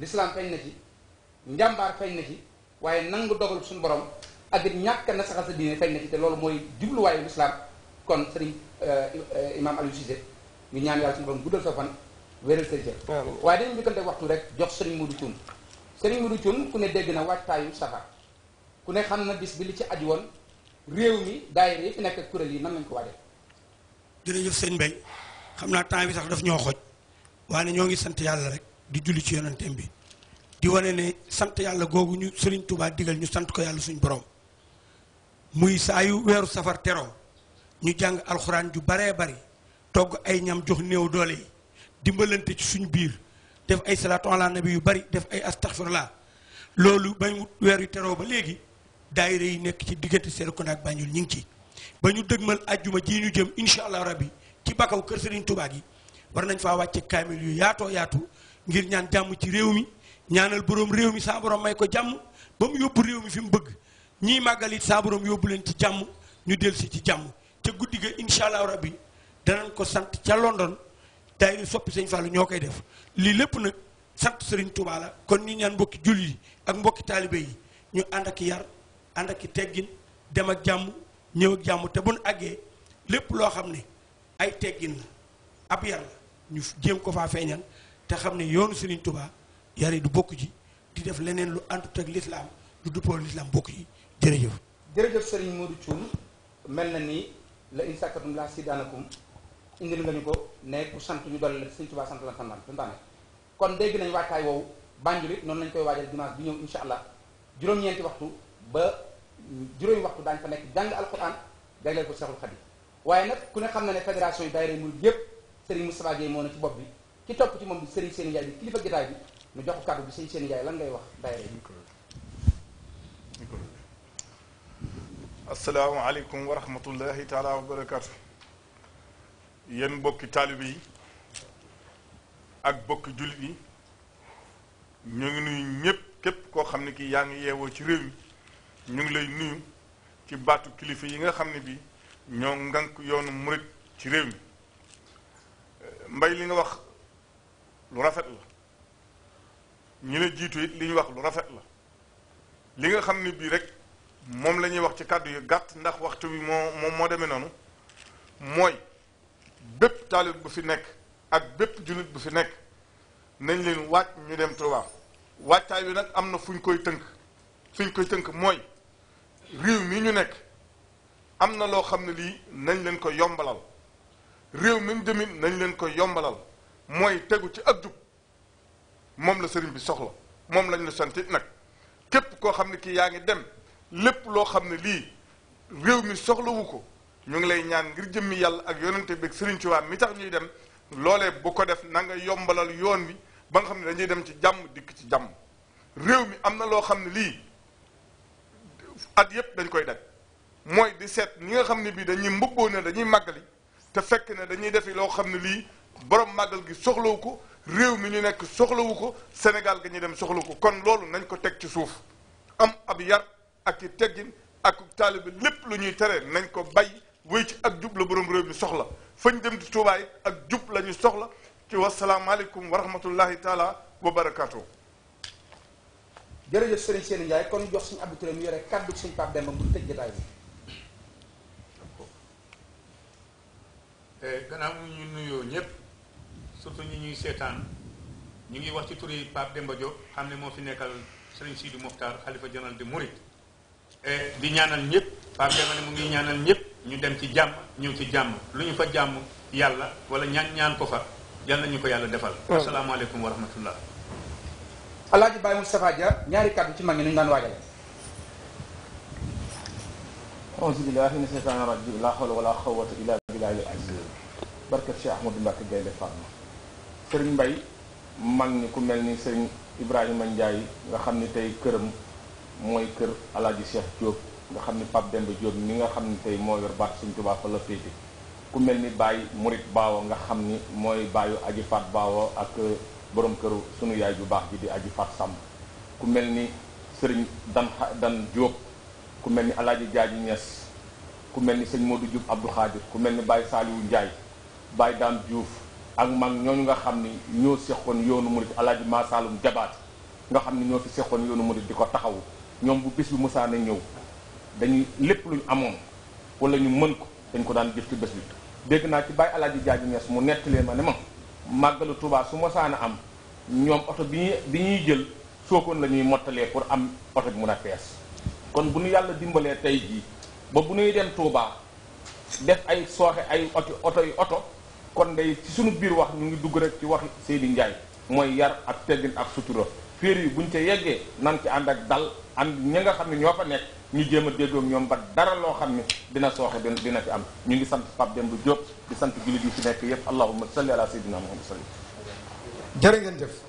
lislaam feeñ na ci njàmbaar feeñ na ci waaye nangu dogal suñu borom ak it ñàkk na saxal sa diine feeñ na ci te loolu mooy jubluwaayu lislaam kon sëriñ euh, imaam Aliou Cissé ñu ñaan yàlla suñu borom guddal sa fan wéral sa jër waaye dañu njëkkante waxtu rek jox sëriñ Modou Thioune sëriñ Modou Thioune ku ne dégg na waajtaayu safar ku ne xam na bis bi li ci aju woon réew mi daayira yi fi nekk kuréel yi nan lañ ko waajal jërëjëf sëriñ Mbaye xam naa temps bi sax daf ñoo xooj waaye ñoo ngi sant yàlla rek di julli ci yonenteem bi di wane ne sant yàlla googu ñu Serigne Touba digal ñu sant ko yàlla suñu borom muy saa yu weeru safar tero ñu jàng alxuraan ju baree bari togg ay ñam jox néew doole yi dimbalante ci suñu biir def ay salaatu ala nabi yu bari def ay astaghfirullah loolu ba ñu weer yu teroo ba léegi daayira yi nekk ci diggante Serekunda ak Banjul ñu ngi ci ba ñu dëgmal ajjuma ji ñu jëm incha allah rabbi ci bakkaw kër sëriñ Touba gi war nañ faa wàcce yu yaatoo yaatu ngir ñaan jàmm ci réew mi ñaanal boroom réew mi saa borom may ko jàmm ba mu yóbbu réew mi fi mu bëgg ñiy màggal it saa yóbbu leen ci jàmm ñu del si ci jàmm te guddi ga incha allah bi danañ ko sant ca London daayira soppi sëñ Fallou ñoo koy def lii lépp nag sant Serigne Touba kon ñu ñaan mbokki julli ak mbokki taalibe yi ñu ànd ak yar ànd ak teggin dem ak jàmm ñëw jàmm te bu nu àggee lépp loo xam ne ay teggin la ab yar la ñu jéem ko faa te xam ne yoonu Serigne Touba yari du bokk ji di def leneen lu àndut ak lislaam lu duppoo lislaam bokk ji jërëjëf jërëjëf Serigne Modou Thioum mel na ni la in sàkkatum laa si daanakum indil nga ñu ko ne ku sant ñu dolli la Serigne Touba sant la santaan dumu taane kon dégg nañ waajtaay woowu Banjul noonu lañ koy waajal dimanche bi ñëw insha allah juróom-ñeenti waxtu ba juróomi waxtu daañ fa nekk jàng alquran jagleel ko Cheikhul Khadim waaye nag ku ne xam na ne fédération yi daayira murid yëpp Serigne Moustapha Gueye moo ne ci bopp bi ki topp ci moom di seen Njaay bi kilifa jotaay bi mu jox ko bi sëriñ seen Njaay lan ngay wax daayira asalaamaaleykum wa rahmatullahi taala wa barakaatu yéen bokki taalibe yi ak bokki jullit yi ñu ngi nuyu ñëpp képp koo xam ne kii yaa ngi yeewoo ci réew mi ñu ngi lay nuyu ci baatu kilifa yi nga xam ne bii ñoo ngank yoonu murit ci réew mi mbay li nga wax lu rafet la ñi la jiitu it li ñu wax lu rafet la li nga xam ni bii rek moom la ñuy wax ci kàddu yi gàtt ndax waxtu wi moo moom moo demee noonu mooy bépp taalib bu fi nekk ak bépp jullit bu fi nekk nañ leen waaj ñu dem Tuubaa waajtaay wi nag am na fu ñu koy tënk fu ñu koy tënk mooy réew mi ñu nekk am na loo xam ne lii nañ leen ko yombalal réew mi ñu demit nañ leen ko yombalal mooy tegu ci ak jub moom la sëriñ bi soxla moom lañ la sant nag képp koo xam ne kii yaa ngi dem lépp loo xam ne lii réew mi soxlawu ko ñu ngi lay ñaan ngir jëmmi yàlla ak yonente bi ak sëriñ Tuubaa mi tax ñuy dem loole bu ko def na yombalal yoon wi ba nga xam ne dañuy dem ci jàmm dikk ci jàmm réew mi am na loo xam ne lii at yëpp dañ koy daj mooy di seet ñi nga xam ne bii dañuy mbubboo ne dañuy màggali te fekk ne dañuy defi loo xam ne lii borom magal gi soxlawuko rew mi ni nek soxlawuko Sénégal gi ñi dem soxlawuko kon lolu nañ ko tek ci suuf am ab yar ak ci teggin ak talib lépp lu ñuy tere nañ ko bay wéy ci ak jub la borom rew mi soxla fañ dem ci toubay ak djub lañu soxla ci alaykum wa rahmatullahi taala wa barakaatu. jërëjëf sëriñ Sëriñ Ndiaye kon jox suñu Abdou Touré mu yore kàddu suñ pap dem bu tejj jotaay bi. eh ganam ñu nuyo ñëpp. surtout ñi ñuy seetaan ñu ngi wax ci turi Pape Demba Diop xam ne moo fi nekkal Serigne Sidou Mokhtar Khalifa jonal de Mourid di ñaanal ñëpp Pape Demba ne mu ngi ñaanal ñëpp ñu dem ci jàmm ñëw ci jàmm lu ñu fa jàmm yàlla wala ñaan ñaan ko fa yal ñu ko yàlla defal. asalaamaaleykum wa rahmatullah. Alaaji Baye Moustapha Dia ñaari kàddu ci mag ñi ñu daan waajale. أعوذ بالله من الشيطان الرجيم لا حول ولا قوة إلا بالله العزيز بركة شيخ أحمد بن بكر جاي sering mbay mag ku melni ni sëriñ ibrahima ndiaye nga xamni tay tey moy mooy kër alaaji cheikh diop nga xamni pap pape diop mi nga xamni tay mo moo yor baat suñ tubaab fa la ku melni ni mourid bawo nga xamni moy bayu aji fat bawo ak euh, borom këru sunu yaay ju bax di aji fat sam ku melni serigne dan dan diop ku melni aladi alaaji jaaji ñes ku melni serigne modou diop abdou khadir ku melni ni bàyyi ndjay ndiaye bàyyi diouf ak mag ñooñu nga xam ni ñoo seqoon yoonu murid alaaji maasaalum jabaat nga xam ni ñoo fi seqoon yoonu murid di ko taxawu ñoom bu bis bi musaa na ñëw dañuy lépp luñ amoon wala ñu mën ko dañ ko daan jëf ci bés bi dégg naa ci bàyyi alaaji jaaji mees mu nettalee ma ne ma màggalu Tuubaa su mosaan am ñoom oto bi ñuy bi ñuy jël sookoon la ñuy mottalee pour am oto bi mun a pees kon bu ñu yàlla dimbalee tey jii ba bu ñuy dem Tuubaa def ay sooxe ay oto oto yi oto kon day ci sunu biir wax ñu ngi dugg rek ci wax seeni Ndiaye mooy yar ak teggin ak sutura féer yi buñ ca yeggee nan ci ànd ak dal ànd ñi nga xam ne ñoo fa nekk ñu jéem a déggoo ñoom ba dara loo xam ne dina sooxe dina fi am ñu ngi sant Pape bu Diop di sant jullit yi fi nekk yépp allahumma salli ala sayyidina Muhammad salli jërë ngeen jëf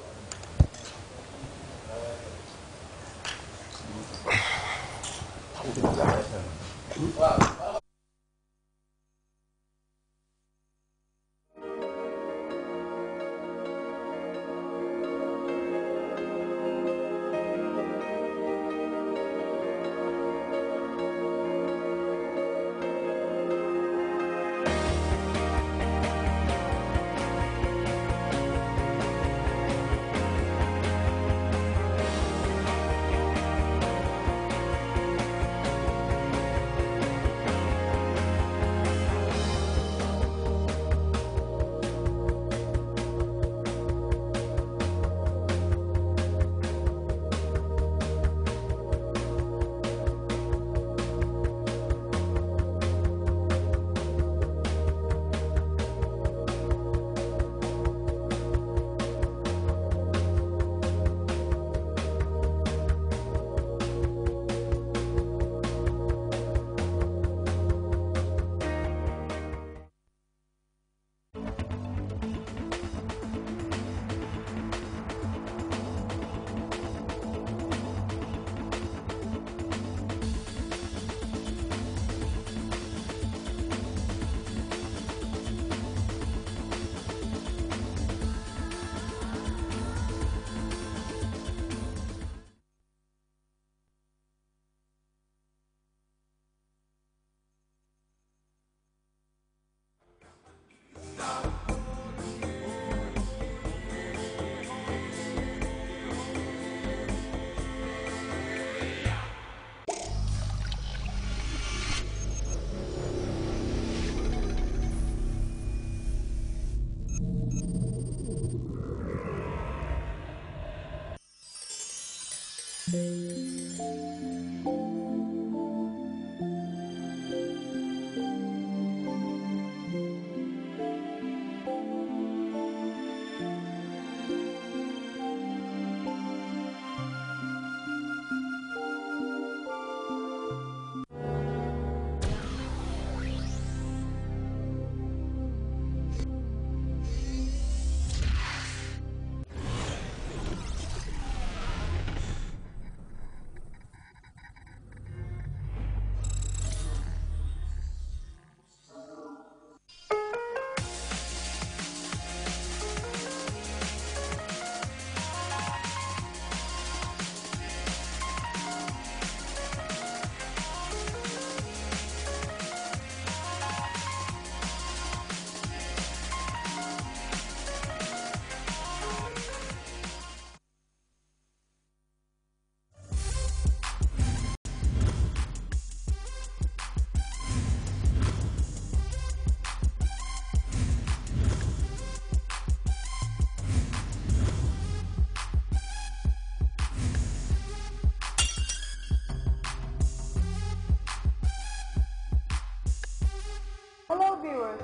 thank you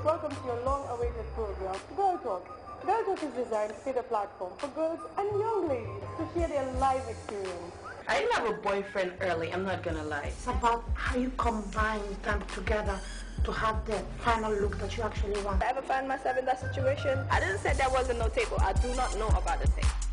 Welcome to your long-awaited program, Girl Talk. Girl Talk is designed to be a platform for girls and young ladies to share their life experience. I didn't have a boyfriend early, I'm not gonna lie. It's about how you combine them together to have the final look that you actually want. I ever find myself in that situation, I didn't say there wasn't no table. I do not know about the thing.